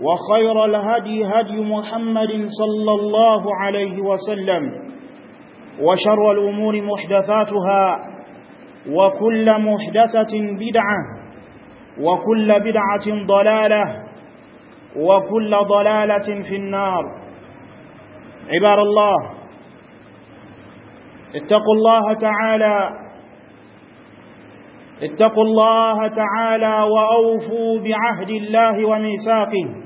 وخير الهدي هدي محمد صلى الله عليه وسلم وشر الأمور محدثاتها وكل محدثة بدعة وكل بدعة ضلالة وكل ضلالة في النار عبار الله اتقوا الله تعالى اتقوا الله تعالى وأوفوا بعهد الله وميثاقه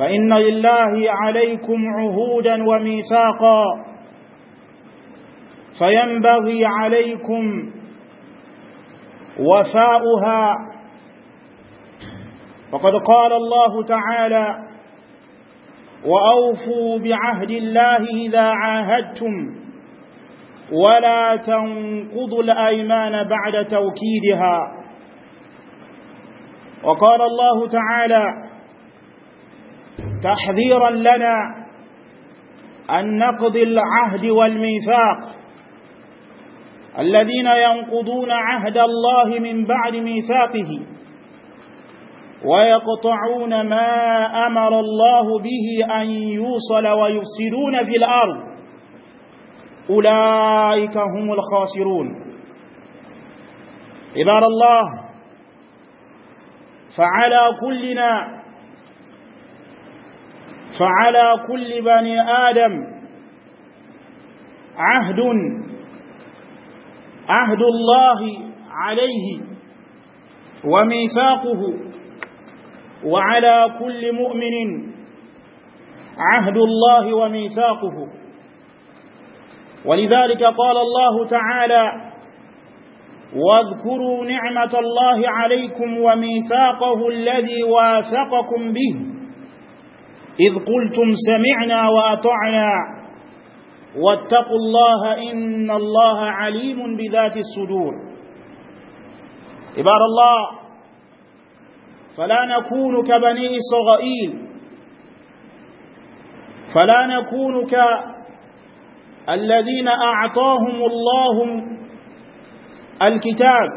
فإن لله عليكم عهودا وميثاقا فينبغي عليكم وفاؤها وقد قال الله تعالى وأوفوا بعهد الله إذا عاهدتم ولا تنقضوا الأيمان بعد توكيدها وقال الله تعالى تحذيرا لنا أن نقض العهد والميثاق الذين ينقضون عهد الله من بعد ميثاقه ويقطعون ما أمر الله به أن يوصل ويفسدون في الأرض أولئك هم الخاسرون عباد الله فعلى كلنا فعلى كل بني آدم عهد عهد الله عليه وميثاقه وعلى كل مؤمن عهد الله وميثاقه ولذلك قال الله تعالى واذكروا نعمة الله عليكم وميثاقه الذي واثقكم به إذ قلتم سمعنا وأطعنا واتقوا الله إن الله عليم بذات الصدور عباد الله فلا نكون كبني إسرائيل فلا نكون كالذين أعطاهم الله الكتاب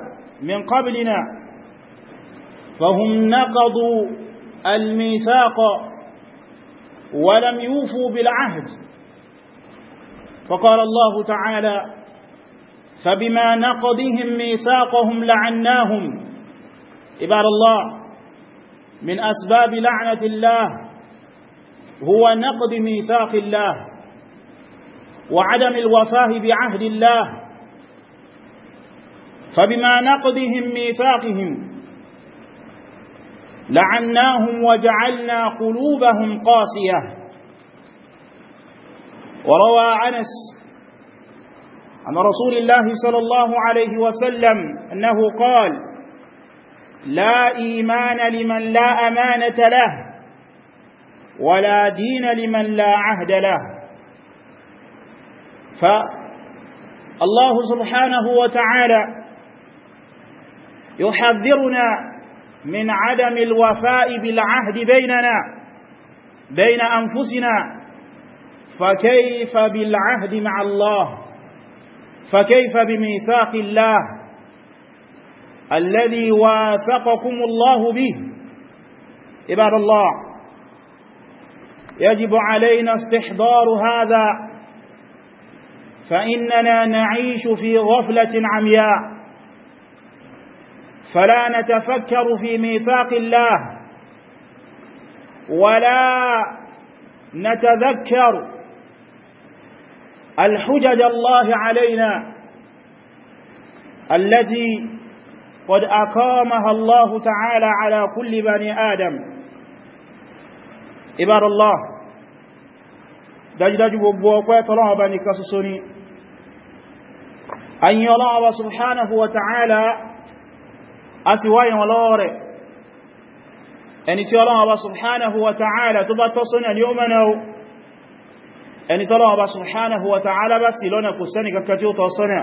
من قبلنا فهم نقضوا الميثاق ولم يوفوا بالعهد فقال الله تعالى فبما نقضهم ميثاقهم لعناهم عباد الله من أسباب لعنة الله هو نقض ميثاق الله وعدم الوفاة بعهد الله فبما نقضهم ميثاقهم لعناهم وجعلنا قلوبهم قاسية وروى أنس عن رسول الله صلى الله عليه وسلم أنه قال لا إيمان لمن لا أمانة له ولا دين لمن لا عهد له فالله سبحانه وتعالى يحذرنا من عدم الوفاء بالعهد بيننا بين أنفسنا فكيف بالعهد مع الله فكيف بميثاق الله الذي واثقكم الله به عباد الله يجب علينا استحضار هذا فإننا نعيش في غفلة عمياء فلا نتفكر في ميثاق الله ولا نتذكر الحجج الله علينا التي قد أقامها الله تعالى على كل بني آدم عباد الله دجدج gbogbo ọpẹ́ بني bá أن يلعب سبحانه وتعالى ọlọ́wọ́ subhanahu a sì wáyé wọn lọ́wọ́ rẹ̀ ẹni tí Ọlọ́run Ọba subhanahu wa ta'ala tó bá tọ́ sọ́nà ní ó mẹ́nà ó ẹni tí Ọlọ́run Ọba subhanahu wa ta'ala bá sì lọ́nà kò sẹ́ni kankan tí ó tọ́ sọ́nà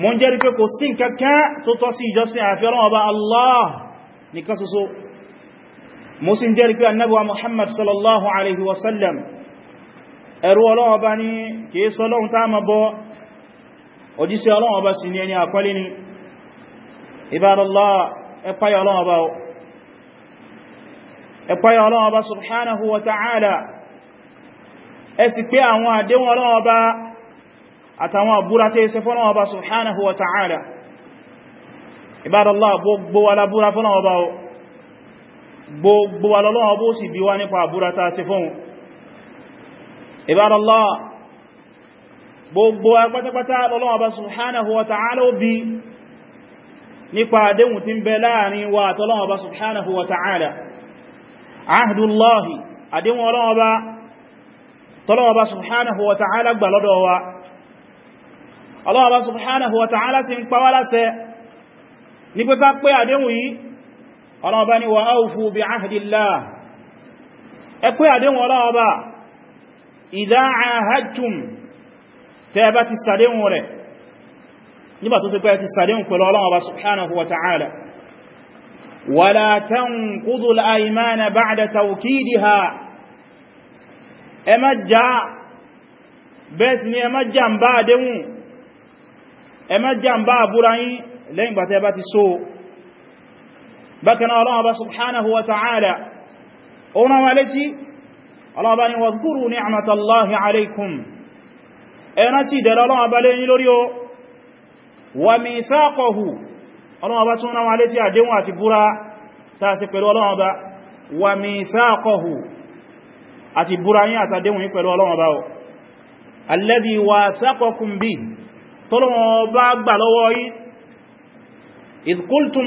mo ń jẹ́rí pé kò sí kankan tó tọ́ ìjọsìn àfi Ọlọ́run Ọba Allah ní Ibadallah ẹ páyà Ọba ẹ Ọba subhanahu wa ta'ala ẹ sì pé àwọn àdéhùn Ọlọ́run Ọba àtàwọn àbúra tẹ́ ṣe fọ́nà Ọba subhanahu wa gbogbo wa la Ọba o gbogbo wa lọ́lọ́wọ́ bó sì bí wá nípa àbúra ta gbogbo wa subhanahu wa ta'ala nípa àdéhùn tí ń bẹ láàrin wa àtọ́lọ́wọ́ bá subhanahu wa ta'ala ahdullahi àdéhùn ọlọ́wọ́ bá subhanahu wa ta'ala gbà lọ́dọ̀ wa ọlọ́wọ́ bá subhanahu wa ta'ala sì ń pàwà láṣẹ ní pé ká àdéhùn yìí nígbà tó sì pẹ́ ti sàdéhùn pẹ̀lú Ọlọ́run Ọba subhanahu wa ta'ala wala tanqudhu al-aymana ba'da tawkidiha ẹ má já bẹ́ẹ̀ sì ni ẹ má já ń bá àdéhùn ẹ má já ń bá àbúra yín lẹ́yìn gbàtẹ́ bá ti so bákaná Ọlọ́run wa ta'ala ni'matallahi alaykum ẹ rántí ìdẹ̀rọ Ọlọ́run Ọba lé yín o wa mithaqahu ọlọ́wọ́ bá tún náwà létí àdéhùn àti búra ta sí pẹ̀lú ọlọ́wọ́ bá wa mithaqahu àti búra yí àtàdéhùn yí pẹ̀lú ọlọ́wọ́ bá alladhi wathaqakum bi tọ́lọ́wọ́ bá gbà lọ́wọ́ yí idh qultum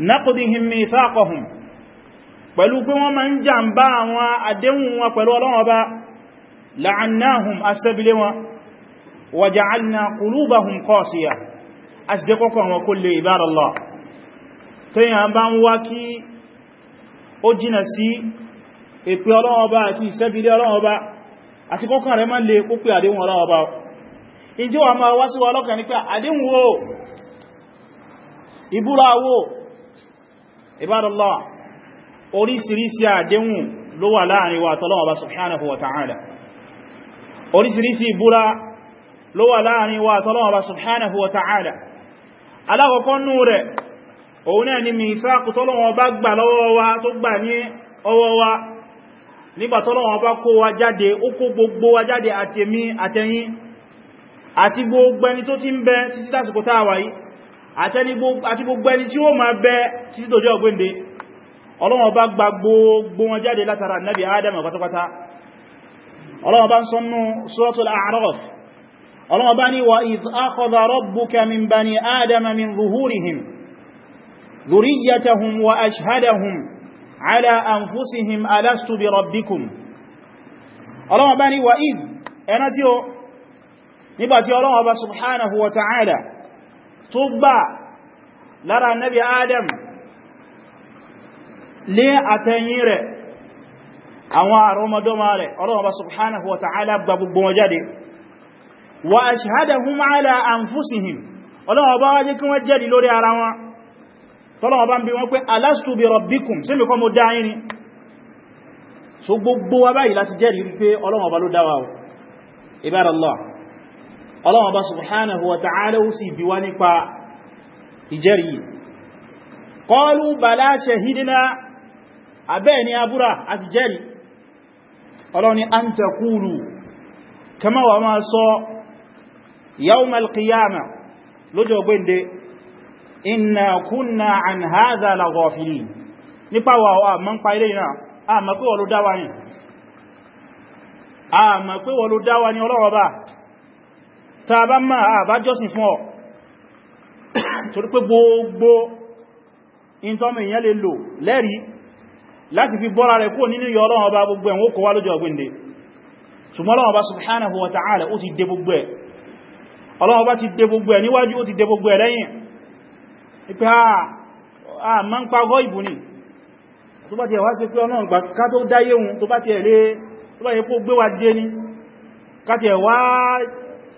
نقضهم ميثاقهم pẹ̀lú pé wọ́n ma ń jàmbá àwọn àdéhùn wọn Ọba la'annahum asẹ́bílé wa qulubahum qasiya a sì wọn ibadallah tó yà bá ń wá kí ó jìnà Ọba àti Ọba ati koko rẹ̀ má Ọba ìjọ́ wa máa wá sí wa wo wo ibadallah orisirisi àdéhùn ló wà láàrin wa tọ́lọ́wọ́ bá wa ta'ala oríṣiríṣi ìbúra ló wà láàrin wa tọ́lọ́wọ́ bá subhanahu wa alákọ̀ọ́kọ́ nú rẹ̀ òun ni mìíṣàkù tọ́lọ́wọ́ bá gbà lọ́wọ́ wa gbogbo àti gbogbo ẹni tí ó máa bẹ títí tó jẹ́ ọgbẹ́ndé ọlọ́wọ́n bá gba gbogbo wọn jáde látara nabi adam pátápátá ọlọ́wọ́n bá ń sọ nú suratul a'raf ọlọ́wọ́n bá ní wa idh akhadha nígbàtí ọlọ́wọ́n bá subhanahu wa ta'ala tó gbà lára nabi adam lé àtẹ̀yìn rẹ̀ àwọn àrọmọdọ́mà rẹ̀ ọlọ́wọ́ subhanahu wa ta'ala gba gbogbo wọn jáde wa ashhadahum ala anfusihim ọlọ́wọ́ bá wájé kí wọ́n jẹ́rìí lórí ara wọn tọ́lọ́wọ́ ń bí wọ́n pé alastu bi rabbikum sí mẹ́kọ́ mo dáyìn ni so gbogbo wa báyìí láti jẹ́rìí pé ọlọ́wọ́ ló dáwà ibadallah ọlọ́wọ́n bá subhanahu wa ta'ala ó sì bí wá nípa ìjẹ́rìí qalu bala shahidna abẹ́ ni abúra a sì jẹ́rìí ọlọ́ni an taqulu kama wa ma sọ yawmal qiyama lọ́jọ́ gbẹ́ndẹ̀ inna kunna an hadha la nípa wà wà mọ́ ń náà a mọ̀ pé dáwà ní ọlọ́wọ́ bá ta bá máa àbájọ́sìn fún ọ torí pé gbogbo ìntọ́mì ìyẹn lè lò lẹ́rí láti fi bọ́ra rẹ̀ kúrò nínú yọ Ọlọ́run Ọba gbogbo ẹ̀wọ́n kọwa subhanahu wa ta'ala ó ti dè gbogbo ẹ̀ Ọlọ́run Ọba ti dè gbogbo ẹ̀ níwájú ó ti dè gbogbo ẹ̀ lẹ́yìn ipé a ma ń pagọ́ ìbò ní tó bá ti ẹ̀wá sí pé Ọlọ́run gbà ká tó dáyé hun tó bá ti ẹ̀lé tó bá yẹ kó gbé wa dé ní ká ti ẹ̀wá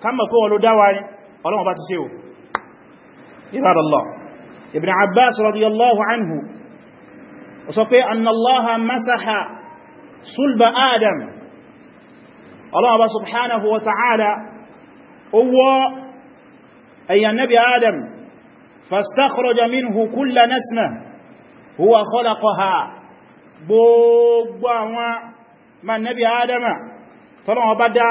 kama kó wọn ló dáwà ní ọlọ́wọ́n bá ti ṣe o ibadallah ibn abbas radiyallahu anhu o sọ pé annallaha masaha sulba adam ọlọ́wọ́n bá subhanahu wa ta'ala ó wọ́ ẹ̀yàn nabi adam fastakhraja minhu kulla nasma huwa khalaqaha gbogbo àwọn ma nabi adama tọ́lọ́wọ́n bá dá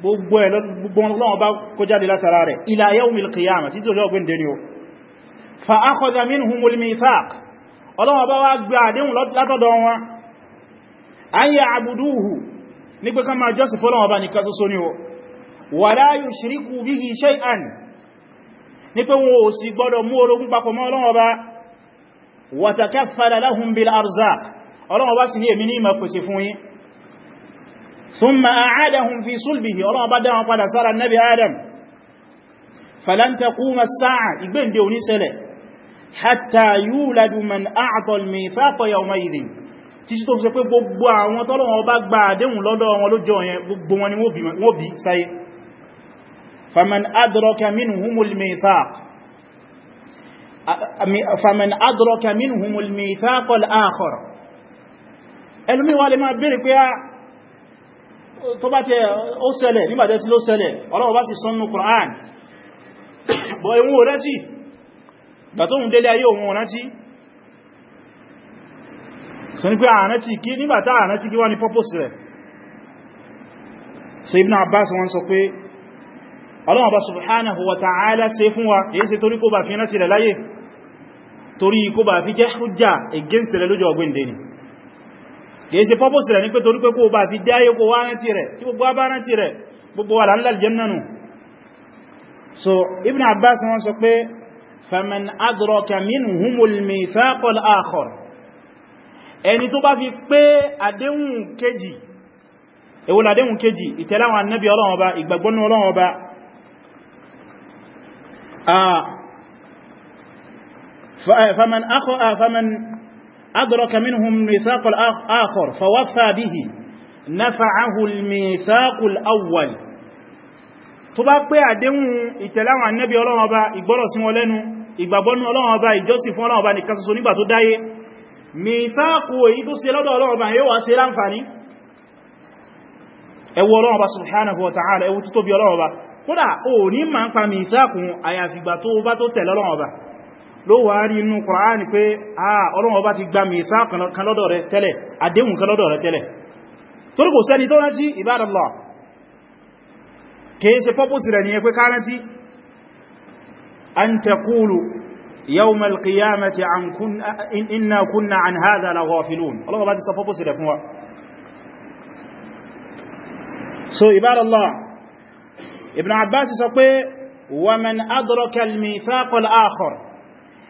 gbogbo ẹ̀ gbogbo ọlọ́wọ́ bá kó jáde látara rẹ̀ ila yawmil qiyamah títí olóò gbé ndẹni o fa akhadha minhumul mithaq ọlọ́wọ́ bá wá gbé àdéhùn látọ̀dọ̀ wọn an ya'buduhu ní pé ká máa jọ́sì fọ́lọ́wọ́ bá nìkan tó só ní o wa la yushriku bihi shay'an thumma a'adahum fi sulbihi ọlọ́wọ́ bá dáwọn padà sára nabi adam falan taquma as-sa'a ìgbéǹde òní ṣẹlẹ̀ hatta yuladu man a'ta al-mithaqa yawmaidhin títí tó fi sọ pé gbogbo àwọn tọ́lọ̀wọ́ bá gba àdéhùn lọ́dọ̀ wọn lọ́jọ́ yẹn gbogbo wọn ni wọ́n bí sáyé faman adraka minhumul mithaq faman adraka minhumul mithaq al-akhar ẹlùmí wà lè máa bèèrè tó bá tẹ́ ó ṣẹlẹ̀ nígbàtẹ́ tí ló ṣẹlẹ̀ Ọlọ́run bá sì sọ́nù Kùránì bọ̀ ìwọ̀n ò rántí gbàtóhun délé ayé òun sọ ní pé àrántí kí nígbàtá àrántí kí wá ní purpose rẹ̀ so Ibn Abbas wọ́n sọ pé Ọlọ́run bá fún wa against kìí ṣe pọ́pọ̀sì rẹ̀ ní pé torí pé kó bá fi dáyé kó wá rántí rẹ̀ tí gbogbo bá rántí rẹ̀ gbogbo wà láńlá jẹ́nànù so Ibn Abbas wọ́n sọ pé faman adraka minhumul mithaqal akhar ẹni tó bá fi pé àdéhùn kejì èwo làdéhùn kejì أدرك منهم ميثاق الآخر فوفى به نفعه الميثاق الأول tó bá pé àdéhùn ìtẹ̀láwọn annabi Ọlọ́run Ọba ìgbọ́rọ̀ sí wọn lẹ́nu ìgbàgbọ́nú Ọlọ́run Ọba ìjọsìn fún Ọlọ́run Ọba nìkan ṣoṣo nígbà tó dáyé mìíṣàkó èyí tó ṣe lọ́dọ̀ Ọlọ́run Ọba yóò wá ṣe láǹfàní ẹwọ Ọlọ́run Ọba subhanahu wa ta'ala ẹwọ títóbi Ọlọ́run Ọba kódà ò ní ma ló wà rí inú Kùránì pé àà Ọlọ́run Ọba ti gba mìísá kan lọ́dọ̀ rẹ tẹ́lẹ̀ àdéhùn kan lọ́dọ̀ rẹ tẹ́lẹ̀ torí kò sẹ́ni tó rántí ìbádàlá kìí ṣe pọ́pùsì rẹ̀ nìyẹn pé kárántí an taqulu yawma al-qiyamati inna kunna an hadha la ghafilun Ọlọ́run Ọba ti sọ pọ́pùsì rẹ̀ fún wa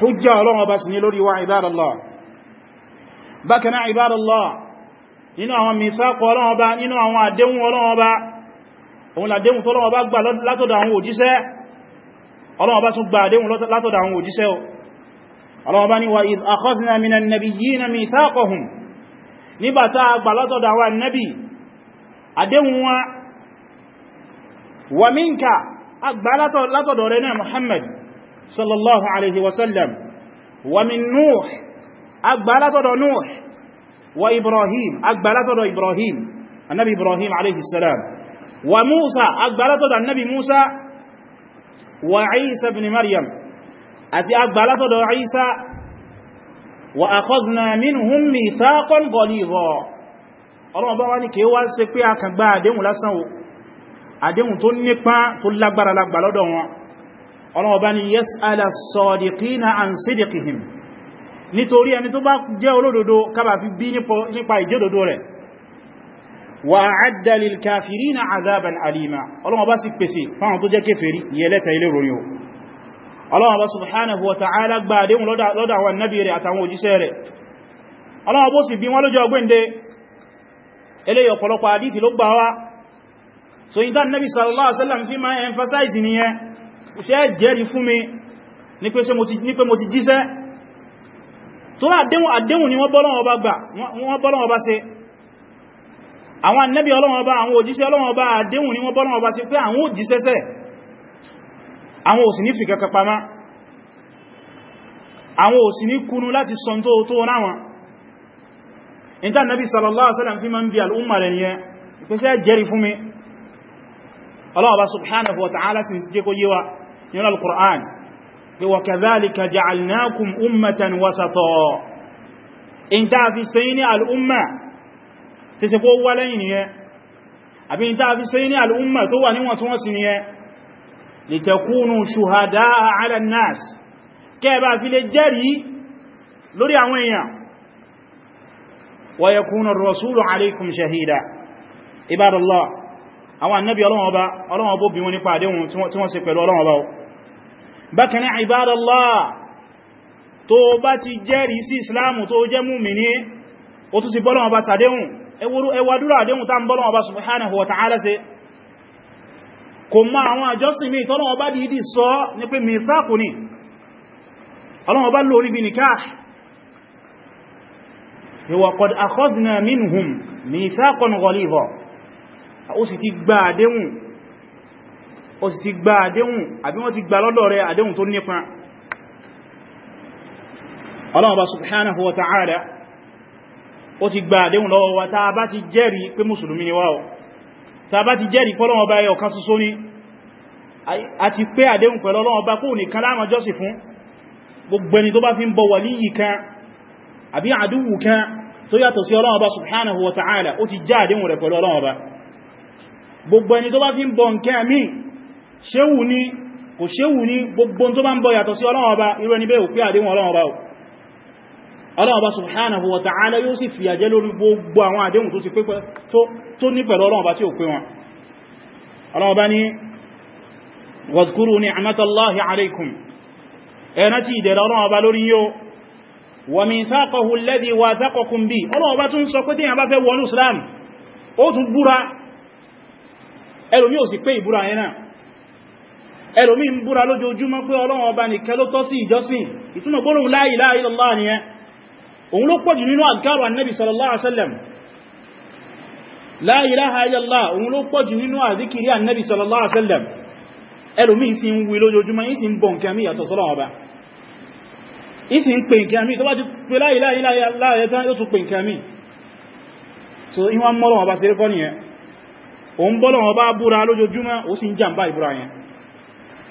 hujja ọlọ́run ọba sì ní lórí wa ibadallah bákaná ibadallah nínú àwọn mìfàkọ ọlọ́run ọba nínú àwọn àdéhùn ọlọ́run ọba òun làdéhùn tó ọlọ́run ọba gbà látọ̀dọ̀ àwọn òjíṣẹ́ ọlọ́run ọba tún gba àdéhùn látọ̀dọ̀ àwọn òjíṣẹ́ ọlọ́run ọba ní wa idh akhadhna minan nabiyyina mithaqahum gbà صلى الله عليه وسلم ومن نوح أقبلت نوح وإبراهيم أقبلت إبراهيم النبي إبراهيم عليه السلام وموسى أقبلت النبي موسى وعيسى بن مريم أتي أقبلت عيسى وأخذنا منهم ميثاقا غليظا ọlọ́run bá wá ní kí wá ṣe pé a kàn gba àdéhùn lásán àdéhùn tó nípa tó lágbára lágbà lọ́dọ̀ wọn ọlọ́ọ̀bá ni yas'ala as-sadiqina an sidqihim nítorí ẹni tó bá jẹ́ olódodo kábà fi bí nípa ìjódodo rẹ̀ wa a'adda lil kafirina azaban alima ọlọ́ọ̀bá sì pèsè fáwọn tó jẹ́ kéfèrí yẹlẹ́ta ilé rorí o ọlọ́ọ̀bá subhanahu wa ta'ala gba àdéhùn lọ́dọ̀ àwọn nabi rẹ̀ àtàwọn òjíṣẹ́ rẹ̀ ọlọ́ọ̀bá sì bí wọ́n lọ́jọ́ ọgbẹ́ndé eléyìí ọ̀pọ̀lọpọ̀ àdíti ló gbà wá so ìdá nabi sallallahu alaihi wasallam fi ma emphasize iṣẹ́ jẹ́rìí fún mi ní pé mo ti jíṣẹ́ tó àdéhùn àdéhùn ni wọ́n bọ́lọ́wọ́ bá ṣe àwọn annabi ọlọ́wọ́ bá àwọn òjíṣẹ́ ọlọ́wọ́ bá àdéhùn ni wọ́n bọ́lọ́wọ́ bá ṣe pé àwọn òjíṣẹ́ṣẹ́ àwọn ò sì ní fìkà kapamá àwọn ò sì ní kunu láti sọ tó tó náwọn ìta annabi sallallahu alaihi wasallam fi ma ọlọ́wọ́ bá subhanahu wa ta'ala sì jẹ́ yíwa nínú al-Qur'an pé wa kadhalika ja'alnakum ummatan wasata in ta fi sayi ní al'umma ti se kó wá lẹ́yìn niyẹ àbí in ta fi sayi ní al'umma tó wà níwọ̀ntúnwọ̀nsí niyẹ litakunu shuhada'a 'ala an-nas kẹba fi lè jẹ́rìí lórí àwọn èèyàn wa yakuna ar-rasulu 'alaykum shahida ibadallah àwọn annabi ọlọ́wọ́ bá ọlọ́wọ́ bó bí wọn nípa àdéhùn tí wọ́n ṣe pẹ̀lú ọlọ́wọ́ bá bákan náà ibadallah tó bá ti jẹ́rìí sí islamu tó jẹ́ múmini ó tún ti bọ́lọ̀ ọba sàdéhùn ẹwàdúrà àdéhùn tá ń bọ́lọ̀ ọba subhanahu wa ta'ala ṣe kò ma àwọn àjọsìn mi tọ́lọ̀ ọba dìídì sọ ní pé mìsáàkù ó sì ti gba àdéhùn àbí wọ́n ti gba lọ́dọ̀ rẹ̀ àdéhùn tó nípa Ọlọ́run Ọba subhanahu wa ta'ala ó ti gba àdéhùn lọ́wọ́ wa ta bá ti jẹ́rìí pé mùsùlùmí ni wáwọ́ ta bá ti jẹ́rìí pé Ọlọ́run Ọba ẹyọ kan ṣoṣo ni àti pé àdéhùn pẹ̀lú Ọlọ́run Ọba kò nìkan la máa jọ́sìn fún gbogbo ẹni tó bá fi ń bọ wàlíyì míì ṣéwù ní kò ṣéwù ní gbogbo tó bá ń bọ yàtọ̀ sí Ọba irú ẹni o òpé àdéhùn ọla Ọba ọla Ọba subhanahu wa ta'ala yóò sì fìyà jẹ lórí gbogbo àwọn àdéhùn tó ti pé tó ní pẹ̀lú Ọba tí ò pé wọn Ọlọ́run Ọba ní wadhkuru ni'matallahi Ọba ẹlòmí ẹlòmí ń búra lójoojúmọ́ pé ọlọ́run ọba nìkan ló tọ́ sí ìjọsìn ìtumọ̀ gbólóhùn la ilaha illallah ni ẹ òun ló pọ̀jù nínú àgárò annabi sallallahu alaihi wasallam la ilaha illallah òun ló pọ̀jù nínú àzíkiri annabi sallallahu alaihi wasallam ẹlòmí sì ń wí lójoojúmọ́ yìí sì ń bọ nǹkan mí yàtọ̀ sọ́lọ́run ọba yìí sì ń pè nǹkan mí tó bá ti pè la ilaha illallah tán yóò tún pè nǹkan mí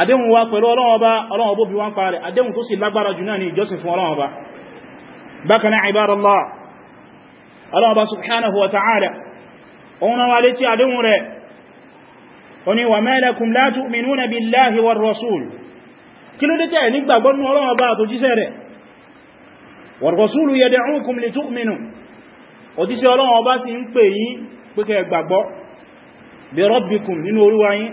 àdéhùn wa pẹ̀lú Ọlọ́run Ọba bí wọ́n parẹ̀ àdéhùn tó sì lágbára jù náà ni ìjọsìn fún Ọlọ́run Ọba bákan náà ibadallah Ọlọ́run Ọba subhanahu wa ta'ala òun náà wà létí àdéhùn rẹ̀ ó ní wa malakum la tu'minuna billahi war rasul kí ló dé tẹ́ bi rabbikum nínú Olúwa yín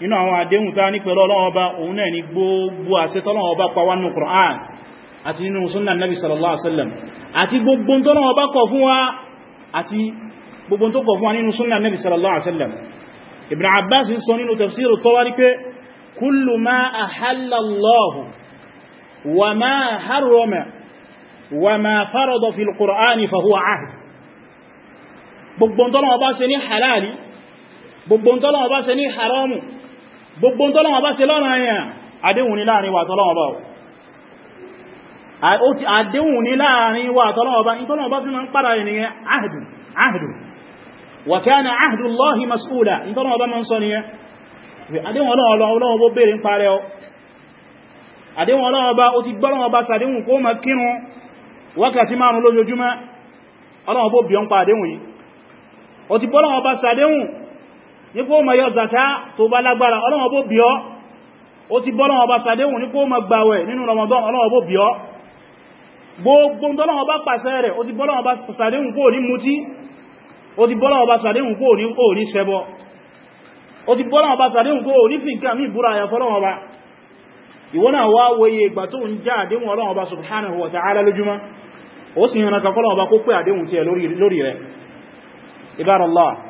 nínú àwọn àdéhùn tá ní pẹ̀lú Ọlọ́run Ọba òun náà ni gbogbo àṣẹ t'Ọlọ́run Ọba pa wá nínú Qur'an àti nínú sunnah nabi sallallahu alaihi wasallam àti gbogbo t'Ọlọ́run Ọba kọ̀ fún wa àti gbogbo tó kọ̀ fún wa nínú sunnah nabi sallallahu alaihi wasallam Ibn Abbas ń sọ nínú tafsiru Tawari pé kullu ma ahalla Allahu wa ma harrama wa ma farada fil Qur'ani fa gbogbo t'Ọlọ́run Ọba ṣe ní haramu gbogbo tọ́lọ́wọ́ bá ṣe lọ́rọ̀ ẹ̀yàn àdéhùn ní láàrin wà tọ́lọ́wọ́ ọba ó ti àdéhùn ní láàrin wà tọ́lọ́wọ́ ọba ìtọ́lọ́wọ́ ọba fi ma ń padà rẹ̀ nìyẹn ahdu ahdu wa kana ahdu Allahi mas'ula ma ń ní kó ma yọ zaka tó bá lágbára ọlọ́wọ́ bó bíọ́ ó ti bọ́lọ́wọ́ bá sàdéhùn ní kó ma gbàwẹ̀ nínú Ramadan ọlọ́wọ́ bó bíọ́ gbogbo tọ́lọ́wọ́ bá pàṣẹ rẹ̀ ó ti bọ́lọ́wọ́ bá sàdéhùn kó ní mutí ó ti bọ́lọ́wọ́ bá sàdéhùn kó ní ṣẹbọ ó ti bọ́lọ́wọ́ bá sàdéhùn kó ní fi nǹkan mí búra ya fọ́lọ́wọ́ bá ìwọ́n náà wá wòye ìgbà tó ń já àdéhùn ọlọ́wọ́ Allah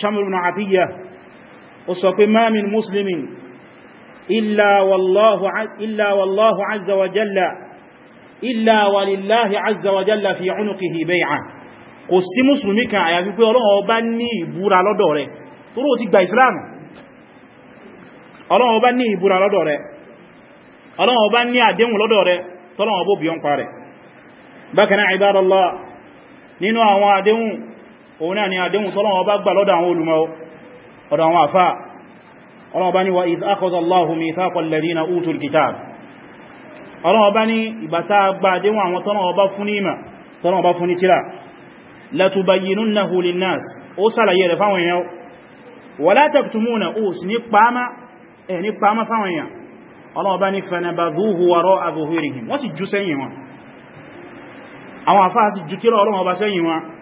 Shamru ibn Atiyya ó sọ pé ma min muslimin illa wallahu illa wallahu azza wa jalla illa walillahi azza wa jalla fi unuqihi bay'a kò sí muslimi kan àyàfi pé Ọlọ́run ọba ní ìbúra lọ́dọ̀ rẹ̀ toro ti gba islam Ọlọ́run ọba ní ìbúra lọ́dọ̀ rẹ̀ Ọlọ́run ọba ní àdéhùn lọ́dọ̀ rẹ̀ tọ́lọ́run ọba obi on pare bákan náà òun náà ni àdéhùn tọ́lọ́wọ́ bá gbà lọ́dọ̀ àwọn olùmọ̀ ọ̀dọ̀ àwọn àfá ọlọ́wọ́ bá ní wa idh akhadha Allahu mithaqa alladhina utul kitab ọlọ́wọ́ bá ní ìbátá gba àdéhùn àwọn tọ́lọ́wọ́ bá fún ní ìmà tọ́lọ́wọ́ bá fún ní tíra latubayyinunnahu linnas ó sàlàyé rẹ̀ fáwọn èèyàn wa la taktumuna ó sì ní pàmà jù sẹ́yìn wọn àwọn sẹ́yìn wọn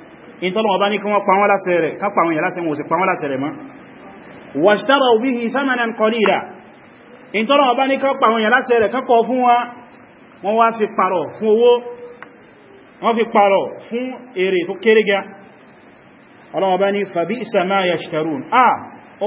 ìtọ́lọ̀wọ̀ bá ní kí wọ́n pa wọ́n lásẹ̀ rẹ̀ kápa àwọn ìyàlásẹ̀ wọ́n sì pa wọ́n lásẹ̀ rẹ̀ mọ́ wàṣtàrà òbí hì sámanan kọlìlà ìtọ́lọ̀wọ̀ bá ní kápa àwọn ìyàlásẹ̀ rẹ̀ kákọ̀ fún wa wọ́n wá fi pàrọ̀ fún owó wọ́n fi pàrọ̀ fún èrè tó kéré ga ọlọ́wọ́ bá ní fàbí ìsàmá yashtarun a ó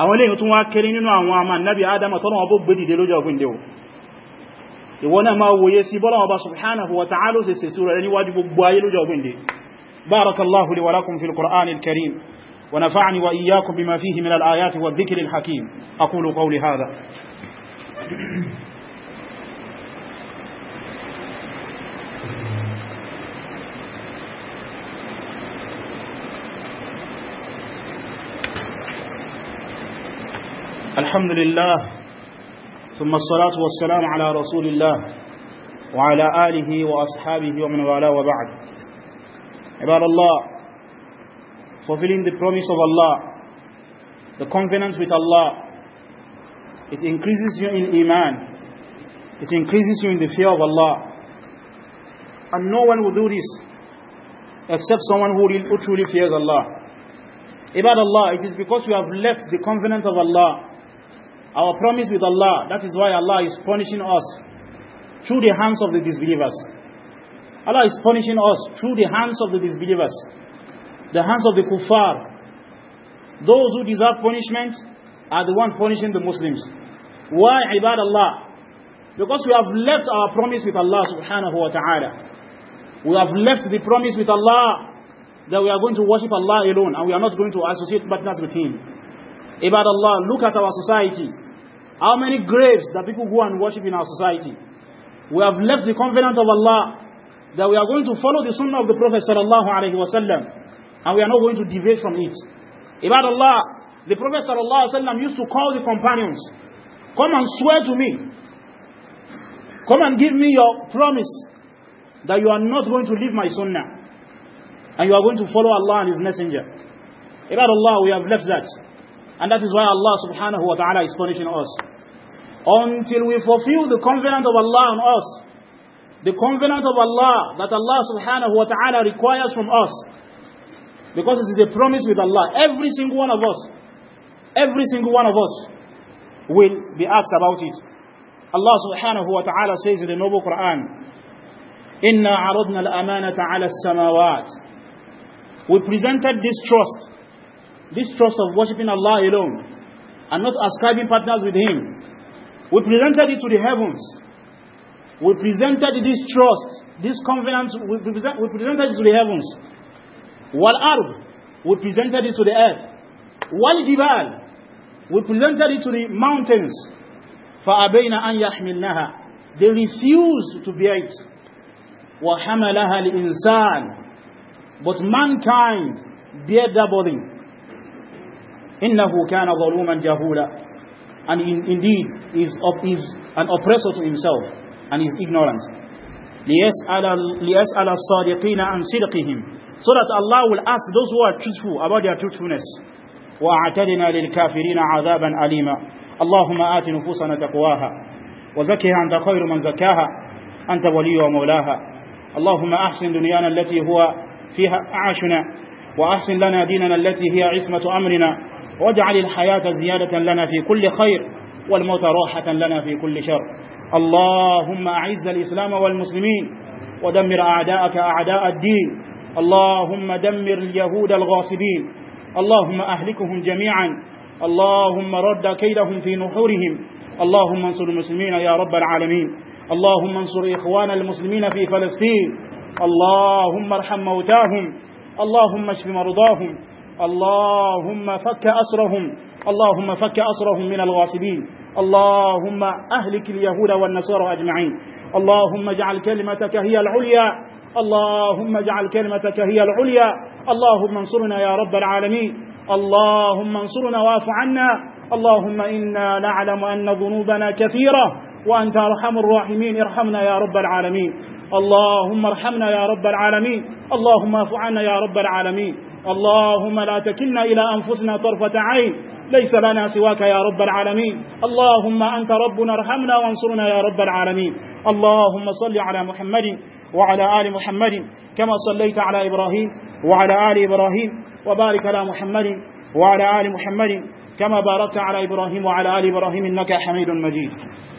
àwọn ilé ìtún wá kéré nínú àwọn àmà nábi adama tọ́lọ̀ ọbọ̀ gbédìdé lójọ ọgbìndé o ìwọ náà máa wòye sí bọ́lá ọba subhanahu wa ta'ala sì sèsù rẹ̀ níwájú gbogbo ayé lójọ ọgbìndé barakallahu li wa lakum fil qur'anil karim wa nafa'ani wa iyyakum bima fihi min al-ayati wa dhikri al-hakim aqulu qawli hadha الحمد لله ثم الصلاة والسلام على رسول الله وعلى آله وأصحابه ومن والاه وبعد عباد Allah fulfilling the promise of Allah the confidence with Allah it increases you in iman it increases you in the fear of Allah and no one will do this except someone who, really, truly fears Allah Ibad Allah, it is because you have left the confidence of Allah our promise with Allah. That is why Allah is punishing us through the hands of the disbelievers. Allah is punishing us through the hands of the disbelievers, the hands of the kuffar. Those who deserve punishment are the one punishing the Muslims. Why, ibad Allah? Because we have left our promise with Allah subhanahu wa ta'ala. We have left the promise with Allah that we are going to worship Allah alone and we are not going to associate partners with Him. Ibad Allah, look at our society. How many graves that people go and worship in our society? We have left the covenant of Allah that we are going to follow the sunnah of the Prophet sallallahu alaihi wasallam and we are not going to deviate from it. Ibad Allah, the Prophet sallallahu alaihi wasallam used to call the companions, "Come and swear to me. Come and give me your promise that you are not going to leave my sunnah and you are going to follow Allah and His Messenger." Ibad Allah, we have left that. And that is why Allah subhanahu wa ta'ala is punishing us. Until we fulfill the covenant of Allah on us, the covenant of Allah that Allah subhanahu wa ta'ala requires from us, because it is a promise with Allah, every single one of us, every single one of us will be asked about it. Allah subhanahu wa ta'ala says in the Noble Quran, إِنَّا عَرَضْنَا الْأَمَانَةَ عَلَى samawat We presented this trust this trust of worshipping Allah alone and not ascribing partners with Him. We presented it to the heavens. We presented this trust, this covenant, we, present, we presented it to the heavens. Wal arb, we presented it to the earth. Wal jibal, we presented it to the mountains. فَأَبَيْنَ أَنْ يَحْمِلْنَهَا They refused to bear it. وَحَمَلَهَا الْإِنسَانِ But mankind bear that burden. إنه كان ظلوما جهولا and in, indeed is, of, is an oppressor to himself and his ignorance ليسأل الصادقين عن صدقهم so that Allah will ask those who are truthful about their truthfulness وأعتدنا للكافرين عذابا أليما اللهم آت نفوسنا تقواها وزكها أنت خير من زكاها أنت ولي ومولاها اللهم أحسن دنيانا التي هو فيها أعشنا وأحسن لنا ديننا التي هي عصمة أمرنا واجعل الحياة زيادة لنا في كل خير والموت راحة لنا في كل شر اللهم أعز الإسلام والمسلمين ودمر أعداءك أعداء الدين اللهم دمر اليهود الغاصبين اللهم أهلكهم جميعا اللهم رد كيدهم في نحورهم اللهم انصر المسلمين يا رب العالمين اللهم انصر إخوان المسلمين في فلسطين اللهم ارحم موتاهم اللهم اشف مرضاهم اللهم فك أسرهم اللهم فك أسرهم من الغاصبين اللهم أهلك اليهود والنصارى أجمعين اللهم اجعل كلمتك هي العليا اللهم اجعل كلمتك هي العليا اللهم انصرنا يا رب العالمين اللهم انصرنا واعف عنا اللهم إنا نعلم أن ذنوبنا كثيرة وأنت أرحم الراحمين ارحمنا يا رب العالمين اللهم ارحمنا يا رب العالمين اللهم اعف عنا يا رب العالمين اللهم لا تكلنا إلى أنفسنا طرفة عين ليس لنا سواك يا رب العالمين اللهم أنت ربنا ارحمنا وانصرنا يا رب العالمين اللهم صل على محمد وعلى آل محمد كما صليت على إبراهيم وعلى آل إبراهيم وبارك على محمد وعلى آل محمد كما باركت على إبراهيم وعلى آل إبراهيم إنك حميد مجيد